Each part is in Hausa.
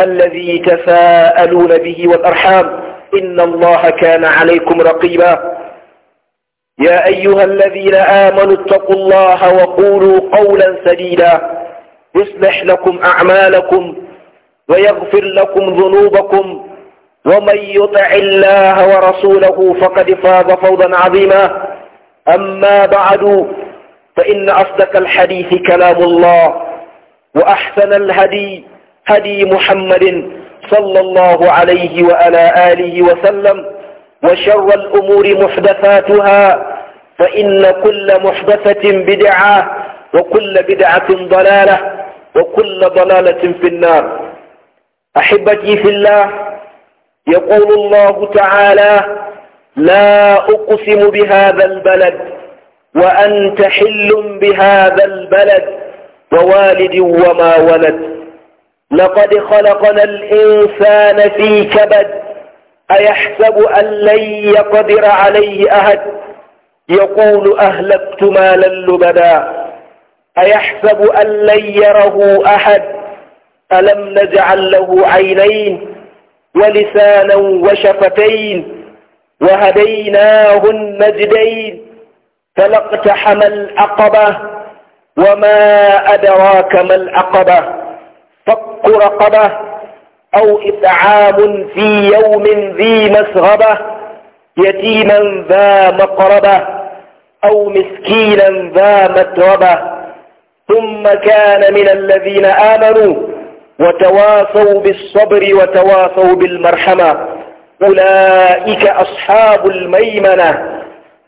الذي تساءلون به والأرحام إن الله كان عليكم رقيبا يا أيها الذين آمنوا اتقوا الله وقولوا قولا سديدا يصلح لكم أعمالكم ويغفر لكم ذنوبكم ومن يطع الله ورسوله فقد فاز فوضا عظيما أما بعد فإن أصدق الحديث كلام الله وأحسن الهدي هدي محمد صلى الله عليه وعلى آله وسلم وشر الأمور محدثاتها فإن كل محدثة بدعة وكل بدعة ضلالة وكل ضلالة في النار أحبتي في الله يقول الله تعالى لا أقسم بهذا البلد وأنت حل بهذا البلد ووالد وما ولد لقد خلقنا الإنسان في كبد أيحسب أن لن يقدر عليه أحد يقول أهلكت مالا لبدا أيحسب أن لن يره أحد ألم نجعل له عينين ولسانا وشفتين وهديناه النجدين فلاقتحم العقبة وما أدراك ما العقبة فك رقبة أو إطعام في يوم ذي مسغبة يتيما ذا مقربة أو مسكينا ذا متربة ثم كان من الذين آمنوا وتواصوا بالصبر وتواصوا بالمرحمة أولئك أصحاب الميمنة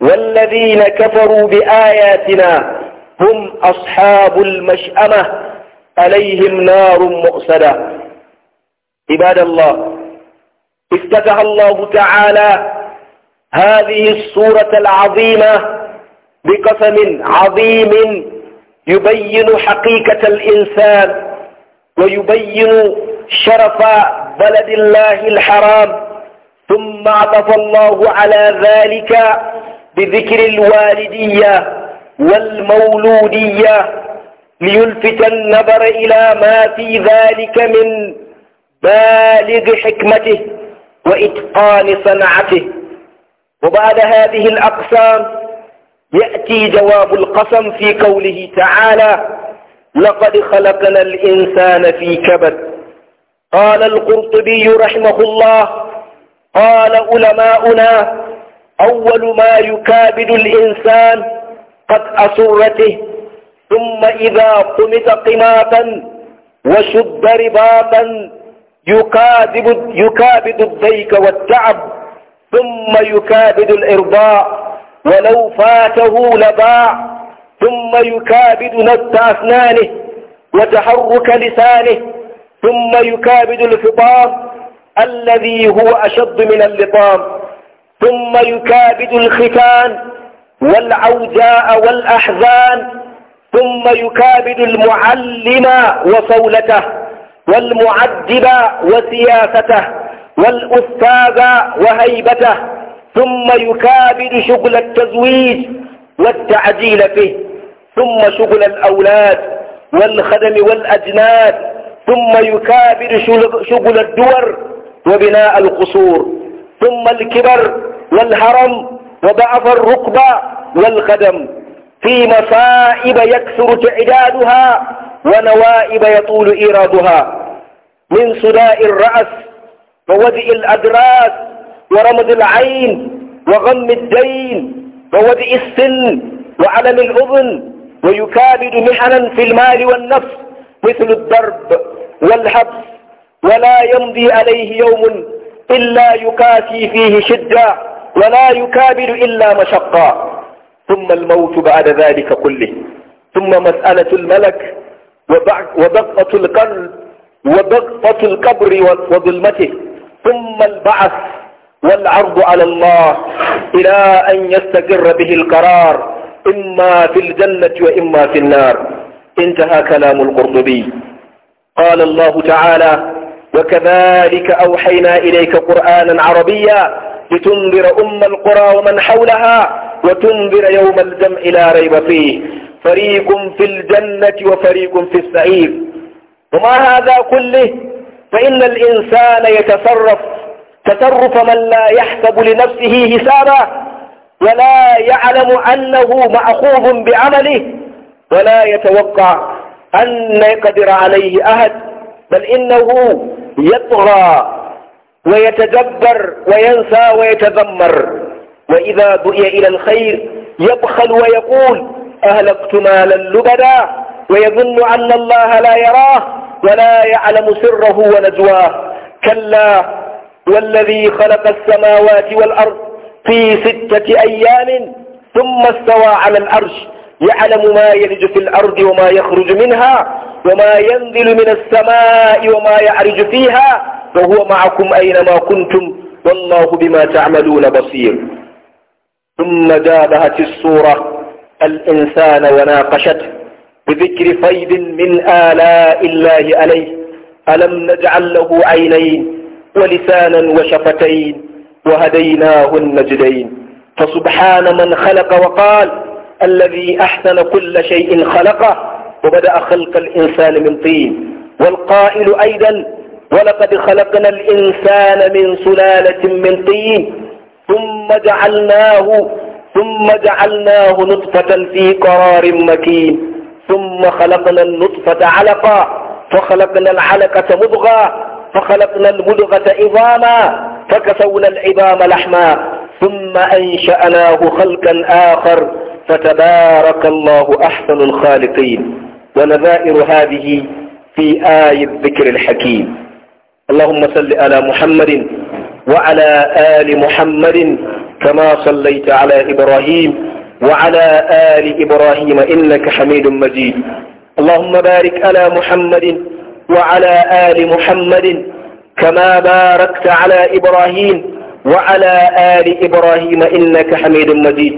والذين كفروا بآياتنا هم أصحاب المشأمة عليهم نار مؤسدة عباد الله افتتح الله تعالى هذه الصورة العظيمة بقسم عظيم يبين حقيقة الإنسان ويبين شرف بلد الله الحرام ثم عطف الله على ذلك بذكر الوالدية والمولودية ليلفت النظر إلى ما في ذلك من بالغ حكمته وإتقان صنعته وبعد هذه الأقسام يأتي جواب القسم في قوله تعالى لقد خلقنا الإنسان في كبد قال القرطبي رحمه الله قال علماؤنا أول ما يكابد الإنسان قد أسرته ثم إذا قمت قماطا وشد رباطا يكابد, يكابد الضيق والتعب ثم يكابد الإرضاء ولو فاته لباع ثم يكابد نبت أسنانه وتحرك لسانه ثم يكابد الفطام الذي هو أشد من اللطام ثم يكابد الختان والعوجاء والأحزان ثم يكابد المعلم وصولته والمعدب وسياسته والأستاذ وهيبته ثم يكابد شغل التزويج والتعجيل فيه ثم شغل الأولاد والخدم والأجناد ثم يكابد شغل الدور وبناء القصور ثم الكبر والهرم وضعف الركبة والخدم في مصائب يكثر تعدادها ونوائب يطول إيرادها من صداء الرأس ووضع الأدراس ورمض العين وغم الدين ووضع السن وعلم الأذن ويكابد محنا في المال والنفس مثل الضرب والحبس ولا يمضي عليه يوم إلا يكافي فيه شدة ولا يكابد إلا مشقة ثم الموت بعد ذلك كله ثم مسألة الملك ودقة القلب ودقة القبر وظلمته ثم البعث والعرض على الله إلى أن يستقر به القرار إما في الجنة وإما في النار انتهى كلام القرطبي قال الله تعالى وكذلك أوحينا إليك قرآنا عربيا لتنذر أم القرى ومن حولها وتنذر يوم الجمع لا ريب فيه فريق في الجنة وفريق في السعير وما هذا كله فإن الإنسان يتصرف تصرف من لا يحسب لنفسه حسابا ولا يعلم أنه مأخوذ بعمله ولا يتوقع أن يقدر عليه أحد بل إنه يطغى ويتجبر وينسى ويتذمر وإذا دعي إلى الخير يبخل ويقول أهلكت مالا لبدا ويظن أن الله لا يراه ولا يعلم سره ونجواه كلا والذي خلق السماوات والأرض في ستة أيام ثم استوى على العرش يعلم ما يلج في الأرض وما يخرج منها وما ينزل من السماء وما يعرج فيها وهو معكم أينما كنتم والله بما تعملون بصير ثم جابهت الصورة الإنسان وناقشته بذكر فيض من آلاء الله عليه ألم نجعل له عينين ولسانا وشفتين وهديناه النجدين فسبحان من خلق وقال الذي أحسن كل شيء خلقه وبدأ خلق الإنسان من طين والقائل أيضا ولقد خلقنا الإنسان من سلالة من طين ثم جعلناه ثم جعلناه نطفة في قرار مكين ثم خلقنا النطفة علقا فخلقنا العلقة مضغا فخلقنا المضغة عظاما فكسونا العظام لحما ثم أنشأناه خلقا آخر فتبارك الله أحسن الخالقين ونذائر هذه في آي الذكر الحكيم اللهم صل على محمد وعلى آل محمد كما صليت على إبراهيم وعلى آل إبراهيم إنك حميد مجيد اللهم بارك على محمد وعلى آل محمد كما باركت على إبراهيم وعلى آل إبراهيم إنك حميد مجيد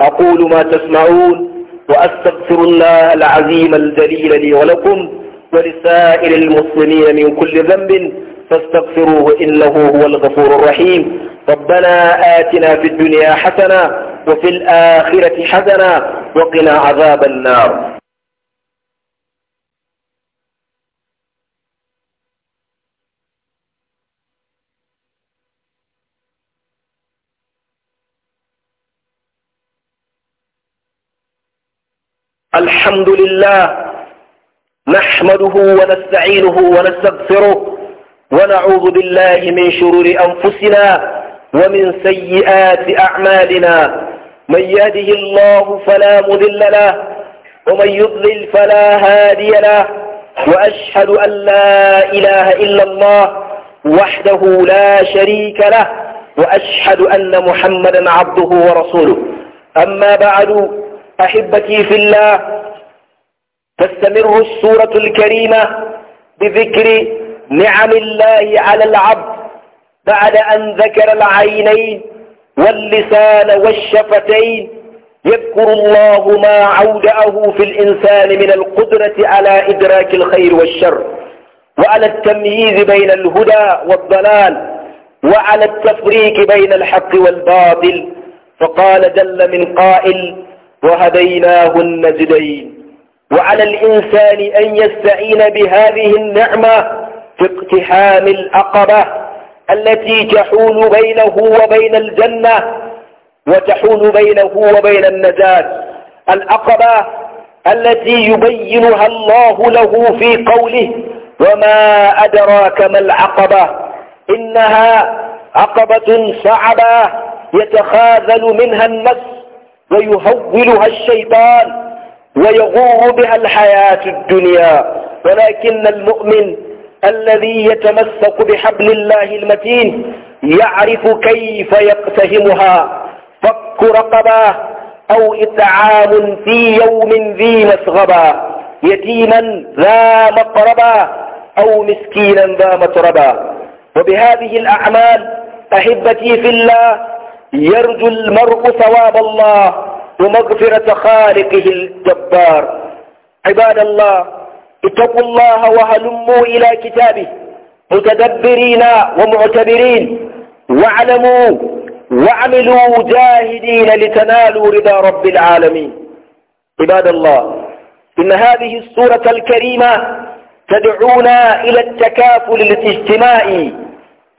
أقول ما تسمعون وأستغفر الله العظيم الجليل لي ولكم ولسائر المسلمين من كل ذنب فاستغفروه إنه هو الغفور الرحيم ربنا آتنا في الدنيا حسنة وفي الآخرة حسنة وقنا عذاب النار الحمد لله نحمده ونستعينه ونستغفره ونعوذ بالله من شرور أنفسنا ومن سيئات أعمالنا من يهده الله فلا مذل له ومن يضلل فلا هادي له وأشهد أن لا إله إلا الله وحده لا شريك له وأشهد أن محمدا عبده ورسوله أما بعد أحبتي في الله تستمر السورة الكريمة بذكر نعم الله على العبد بعد أن ذكر العينين واللسان والشفتين يذكر الله ما عودأه في الإنسان من القدرة على إدراك الخير والشر وعلى التمييز بين الهدى والضلال وعلى التفريق بين الحق والباطل فقال جل من قائل وهديناه النجدين وعلى الإنسان أن يستعين بهذه النعمة في اقتحام الأقبة التي تحول بينه وبين الجنة وتحول بينه وبين النجاة الأقبة التي يبينها الله له في قوله وما أدراك ما العقبة إنها عقبة صعبة يتخاذل منها النفس ويهولها الشيطان ويغور بها الحياة الدنيا ولكن المؤمن الذي يتمسك بحبل الله المتين يعرف كيف يقتهمها فك رقبا أو إطعام في يوم ذي مسغبا يتيما ذا مقربا أو مسكينا ذا متربا وبهذه الأعمال أحبتي في الله يرجو المرء ثواب الله ومغفرة خالقه الجبار عباد الله اتقوا الله وهلموا إلى كتابه متدبرين ومعتبرين واعلموا وعملوا جاهدين لتنالوا رضا رب العالمين عباد الله إن هذه السورة الكريمة تدعونا إلى التكافل الاجتماعي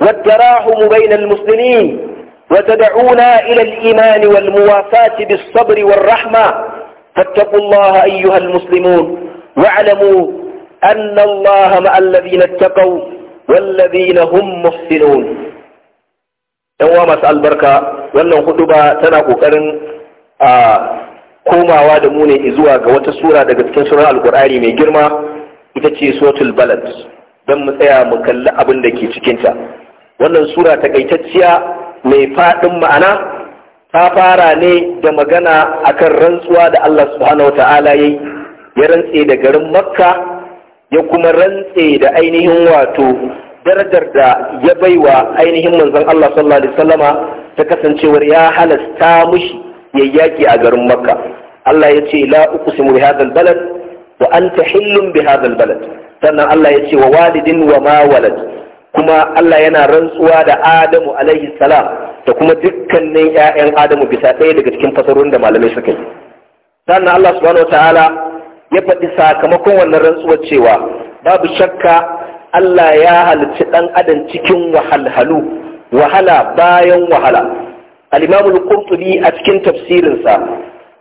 والتراحم بين المسلمين وتدعونا إلى الإيمان والموافاة بالصبر والرحمة فاتقوا الله أيها المسلمون واعلموا أن الله مع الذين اتقوا والذين هم محسنون uwa masu albarka, wannan huduba tana kokarin a komawa da mu ne zuwa ga wata sura daga cikin suran alkur'ani mai girma ita ce suratul balad don mu tsaya mu kalli abin da ke cikinta wannan sura takaitacciya mai faɗin ma'ana ta fara ne da magana akan rantsuwa da Allah subhanahu wa ta'ala yayi ya rantse da garin makka ya kuma rantse da ainihin wato darajar da ya baiwa ainihin manzon Allah sallallahu alaihi wasallama ta kasancewar ya halasta mushi ya yaki a garin makka Allah ya ce la uqsimu bi hadha balad wa anta hillun bi hadha balad sannan Allah ya ce wa walidin wa ma walad kuma Allah yana rantsuwa da Adamu alaihi salam da kuma dukkanin 'ya'yan Adamu bisa ɗaya daga cikin fasarorin da malamai suka yi sannan Allah subhanahu wa ta'ala ya faɗi sakamakon wannan rantsuwar cewa babu shakka Allah ya halicci ɗan adam cikin wahalhalu wahala bayan wahala alimamul imamu a cikin tafsirinsa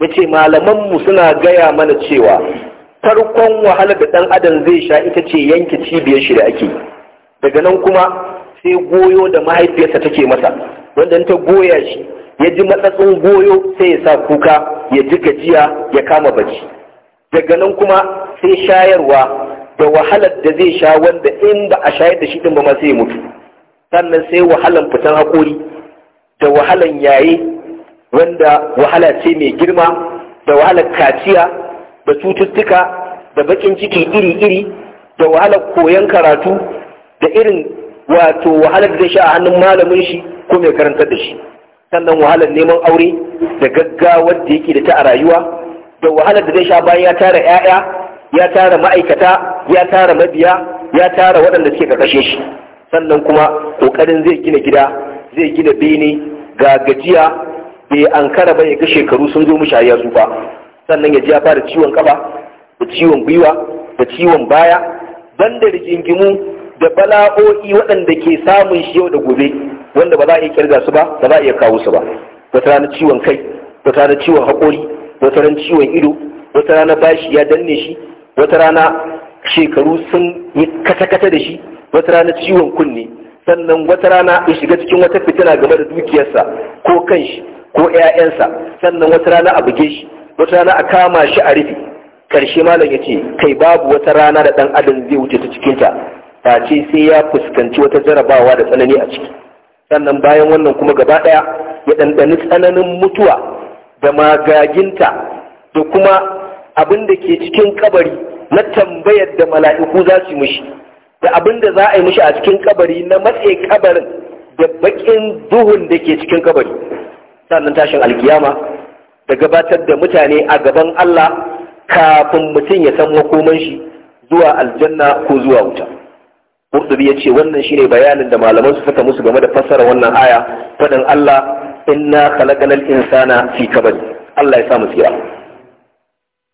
ya ce malamanmu suna gaya mana cewa farkon wahala da ɗan adam zai sha ita ce yanke cibiyar shi da ake daga nan kuma sai goyo da mahaifiyarsa take masa wanda ta goya shi ya ji matsatsin goyo sai ya sa kuka ya ji gajiya ya kama bacci daga nan kuma sai shayarwa da wahalar da zai sha wanda in ba a shayar da shi din ba ma sai mutu sannan sai wahalan fitan haƙori da wahalan yaye wanda wahala ce mai girma da wahalar kaciya da cututtuka da bakin ciki iri-iri da wahalar koyon karatu da irin wato wahalar da zai sha a hannun malamin shi ko mai karantar da shi sannan wahalar neman aure da gaggawar da yake da ta a rayuwa da wahalar da zai sha bayan ya tara 'ya'ya ya tara ma'aikata ya tara mabiya ya tara waɗanda suke karkashe shi sannan kuma ƙoƙarin zai gina gida zai gina bene ga gajiya bai ankara ba ya ga shekaru sun zo mishi ya zuba sannan ya ji ya fara ciwon kafa da ciwon gwiwa da ciwon baya banda rigingimu da bala'o'i waɗanda ke samun shi yau da gobe wanda ba za a iya kirga su ba ba za a iya kawo su ba wata rana ciwon kai wata rana ciwon haƙori wata ran ciwon ido wata rana bashi ya danne shi wata rana shekaru sun yi kata-kata da shi wata rana ciwon kunne sannan wata rana ya shiga cikin wata fitina game da dukiyarsa ko kanshi ko 'ya'yansa sannan wata rana a buge shi wata rana a kama shi a rufe karshe malam ya ce kai babu wata rana da ɗan adam zai wuce ta cikinta ce sai ya fuskanci wata jarabawa da tsanani a ciki sannan bayan wannan kuma gaba ɗaya ya ɗanɗani tsananin mutuwa da magaginta da kuma abin da ke cikin kabari na tambayar da mala'iku za su mushi da abin da za a yi mushi a cikin kabari na matse kabarin da bakin duhun da ke cikin kabari sannan tashin alkiyama da gabatar da mutane a gaban Allah kafin mutum ya san makoman shi zuwa aljanna ko zuwa wuta Kurtubi ya ce wannan shine bayanin da malaman su suka musu game da fassara wannan aya faɗin Allah inna khalaqal insana fi kabad Allah ya sa mu tsira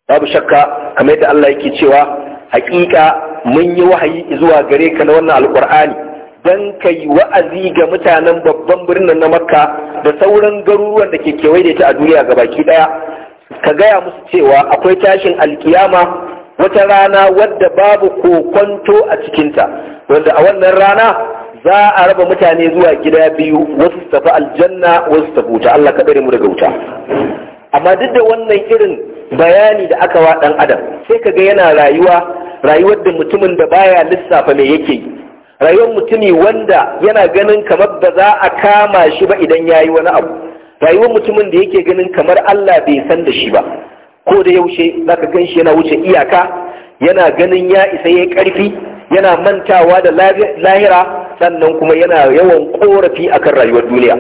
babu shakka kamar yadda Allah yake cewa hakika mun yi wahayi zuwa gare ka na wannan alqur'ani dan kai wa'azi ga mutanen babban birnin na makka da sauran garuruwan da ke kewaye da a duniya ga baki daya ka gaya musu cewa akwai tashin alkiyama wata rana wadda babu kokonto a cikinta wanda a wannan rana za a raba mutane zuwa gida biyu wasu su tafi aljanna wasu su tafi wuta Allah ka mu daga wuta amma duk da wannan irin bayani da aka wa dan adam sai ka ga yana rayuwa rayuwar da mutumin da baya lissafa me yake yi rayuwar mutumi wanda yana ganin kamar ba za a kama shi ba idan yayi wani abu rayuwar mutumin da yake ganin kamar Allah bai san da shi ba ko da yaushe zaka gan shi yana wuce iyaka yana ganin ya isa ya karfi yana mantawa da lahira sannan kuma yana yawan korafi akan rayuwar duniya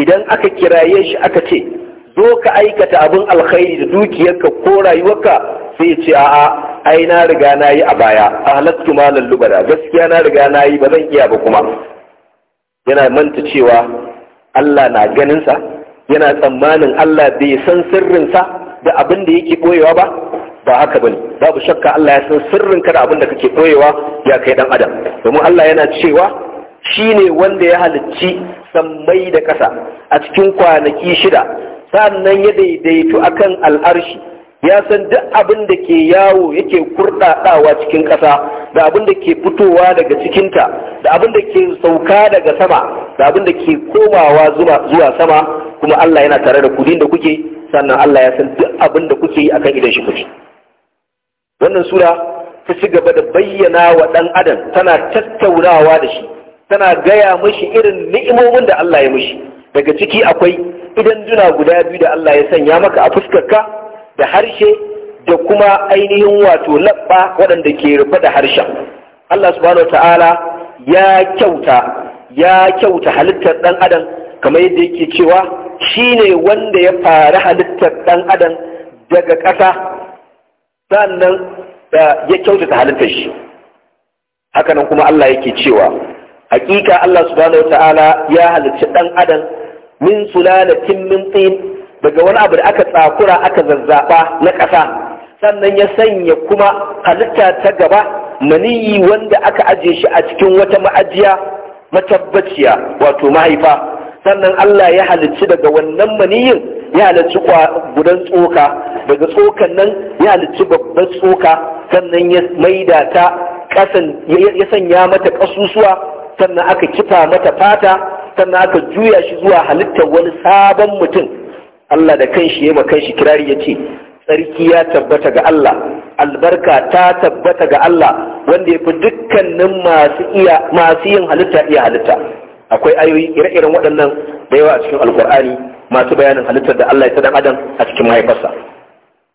idan aka kiraye shi aka ce zo ka aikata abin alkhairi da dukiyarka ko rayuwarka sai ya ce a'a ai na riga na yi a baya a halattu malan lubada gaskiya na riga na yi ba zan iya ba kuma yana manta cewa Allah na ganinsa yana tsammanin Allah bai san sirrinsa da abin da yake boyewa ba ba haka ne. babu shakka Allah ya san sirrinka da abin da kake boyewa ya kai ɗan adam domin Allah yana cewa Shi ne wanda ya halicci sammai da ƙasa a cikin kwanaki shida sannan ya daidaitu akan al'arshi ya san duk abin da ke yawo yake kurɗaɗawa cikin ƙasa da abin da ke fitowa daga cikinta da abin da ke sauka daga sama da abin da ke komawa zuwa sama kuma Allah yana tare da kudin da kuke sannan Allah ya san duk abin da kuke yi akan idan shi kuke wannan sura ta ci gaba da bayyana wa ɗan adam tana tattaunawa da shi tana gaya mishi irin ni'imomin da Allah ya mishi daga ciki akwai idan juna guda biyu da Allah ya sanya maka a fuskarka da harshe da kuma ainihin wato labba waɗanda ke rufe da harshen Allah subhanahu ta'ala ya kyauta ya kyauta halittar ɗan adam kamar yadda yake cewa shine wanda ya fara halittar ɗan adam daga ƙasa sannan eh, ya kyautata halittar shi hakanan kuma Allah yake cewa hakika Allah subhanahu ta'ala ya halicci dan adam min sulalatin min tin daga wani abu da aka tsakura aka zazzaba na ƙasa sannan ya sanya kuma halitta ta gaba maniyi wanda aka aje shi a cikin wata ma'ajiya matabbaciya wato mahaifa sannan Allah ya halicci daga wannan maniyin ya halicci gudan tsoka daga tsokan nan ya halicci babban tsoka sannan ya maida ta kasan ya sanya mata ƙasusuwa. sannan aka kifa mata fata sannan aka juya shi zuwa halittar wani sabon mutum Allah da kanshi ya shi kirari ya ce tsarki ya tabbata ga Allah albarka ta tabbata ga Allah wanda ya fi dukkanin masu yin halitta iya halitta akwai ayoyi ire-iren waɗannan da yawa a cikin alkur'ani masu bayanin halittar da Allah ya ta adam a cikin mahaifarsa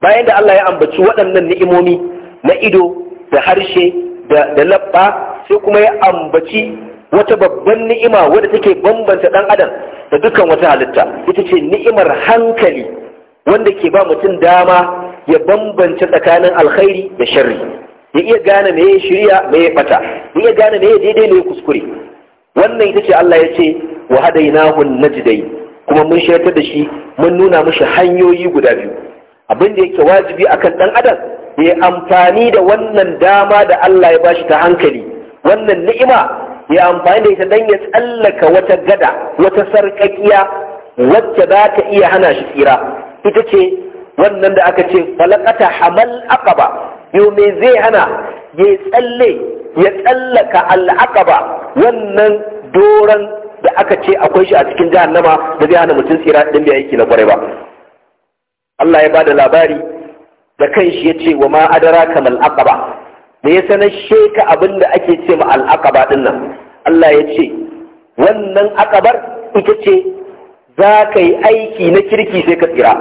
bayan da Allah ya ambaci waɗannan ni'imomi na ido da harshe da labba sai kuma ya ambaci wata babban ni'ima wadda take bambanta dan adam da dukkan wata halitta ita ce ni'imar hankali wanda ke ba mutum dama ya bambanta tsakanin alkhairi da sharri ya iya gane me shirya me bata ya iya gane me daidai ne kuskure wannan ita ce Allah ya ce wa hadainahu najdai kuma mun shaitar da shi mun nuna mishi hanyoyi guda biyu abin da yake wajibi akan dan adam ya amfani da wannan dama da Allah ya bashi ta hankali wannan ni'ima ya amfani da ita don ya tsallaka wata gada wata sarƙaƙiya wacce za ta iya hana shi tsira ita ce wannan da aka ce falakata hamal aqaba yau me zai hana ya tsalle ya tsallaka al'aqaba wannan doron da aka ce akwai shi a cikin jahannama da zai hana mutum tsira din bai aiki na kwarai ba Allah ya bada labari da kanshi ya ce wa ma adraka mal aqaba da ya sanar sheka abin da ake ce ma al'aqaba din nan Allah ya ce wannan akabar ita ce za ka yi aiki na kirki sai ka tsira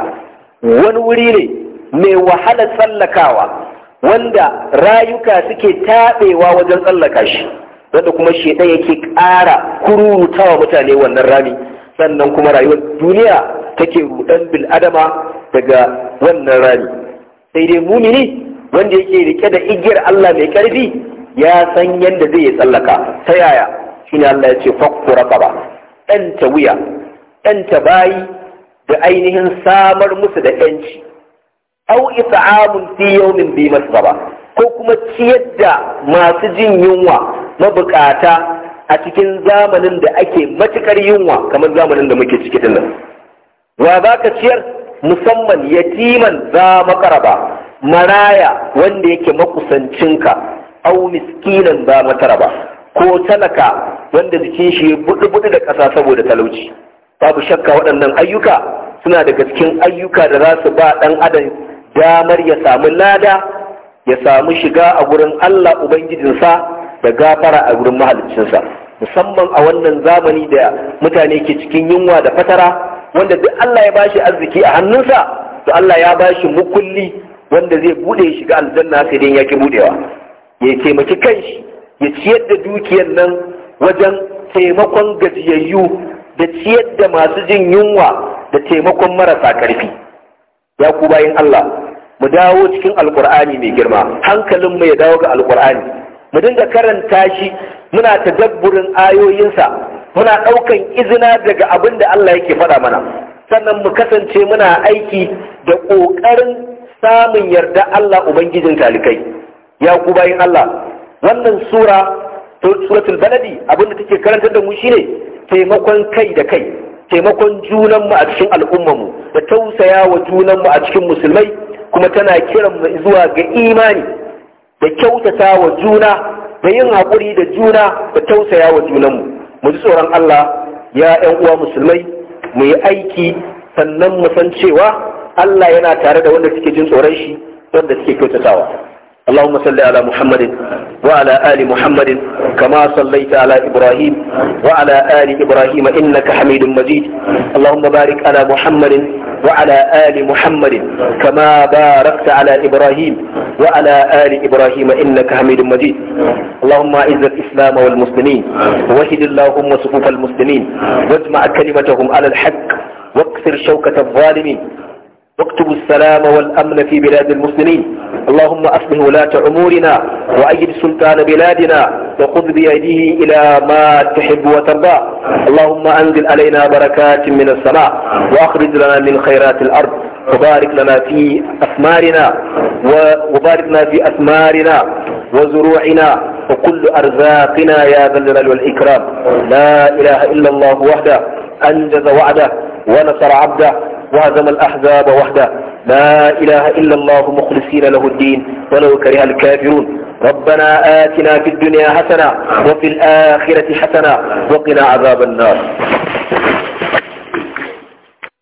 wani wuri ne mai wahala tsallakawa wanda rayuka suke taɓewa wajen tsallaka shi wanda kuma shedan yake ƙara kurutawa mutane wannan rami sannan kuma rayuwar duniya take rudan bil adama daga wannan rami sai dai mumini wanda yake rike da igiyar Allah mai karfi ya san yadda zai yi tsallaka ta yaya ne Allah ya ce fakku ba. ɗan ta wuya ɗan ta bayi da ainihin samar musu da yanci au amun fi yawmin bi masraba ko kuma ciyar da masu jin yunwa mabukata a cikin zamanin da ake matukar yunwa kamar zamanin da muke ciki nan wa za ka ciyar musamman yatiman za makaraba maraya wanda yake makusancinka au miskinan ba matara ba ko talaka wanda jikin shi buɗe-buɗe da ƙasa saboda talauci babu shakka waɗannan ayyuka suna daga cikin ayyuka da za su ba ɗan adam damar ya samu lada ya samu shiga a gurin Allah Ubangijinsa da gafara a gurin mahaliccinsa musamman a wannan zamani da mutane ke cikin yunwa da fatara wanda duk Allah ya bashi arziki a hannunsa to Allah ya bashi mukulli wanda zai bude ya shiga aljanna sai dai yake budewa ya taimaki kanshi ya ciyar da dukiyar nan wajen taimakon gajiyayyu da ciyar da masu jin yunwa da taimakon marasa karfi ya ku bayin Allah mu dawo cikin alkur'ani mai girma hankalin mu ya dawo ga alkur'ani mu dinga karanta shi muna tadabburin ayoyinsa muna ɗaukan izina daga abin da Allah yake faɗa mana sannan mu kasance muna aiki da ƙoƙarin samun yarda Allah ubangijin talikai ya ku bayin Allah wannan sura suratul baladi abinda take karantar da mu shine taimakon kai da kai taimakon junanmu a cikin al'ummanmu, da tausaya wa junanmu a cikin musulmai kuma tana kiran mu zuwa ga imani da kyautata wa juna da yin haƙuri da juna da tausaya wa junanmu mu ji tsoron Allah ya 'yan uwa musulmai mu yi aiki sannan mu san cewa Allah yana tare da wanda suke jin tsoron shi wanda suke kyautatawa اللهم صل على محمد وعلى آل محمد كما صليت على إبراهيم وعلى آل إبراهيم إنك حميد مجيد اللهم بارك على محمد وعلى آل محمد كما باركت على إبراهيم وعلى آل إبراهيم إنك حميد مجيد اللهم أعز الإسلام والمسلمين وحد اللهم صفوف المسلمين واجمع كلمتهم على الحق واكسر شوكة الظالمين واكتب السلام والأمن في بلاد المسلمين اللهم أصلح ولاة أمورنا وأيد سلطان بلادنا وخذ بيده إلى ما تحب وترضى اللهم أنزل علينا بركات من السماء وأخرج لنا من خيرات الأرض وبارك لنا في أثمارنا وبارك لنا في أثمارنا وزروعنا وكل أرزاقنا يا ذا الجلال والإكرام لا إله إلا الله وحده أنجز وعده ونصر عبده وهزم الأحزاب وحده لا إله إلا الله مخلصين له الدين ولو كره الكافرون ربنا آتنا في الدنيا حسنة وفي الآخرة حسنة وقنا عذاب النار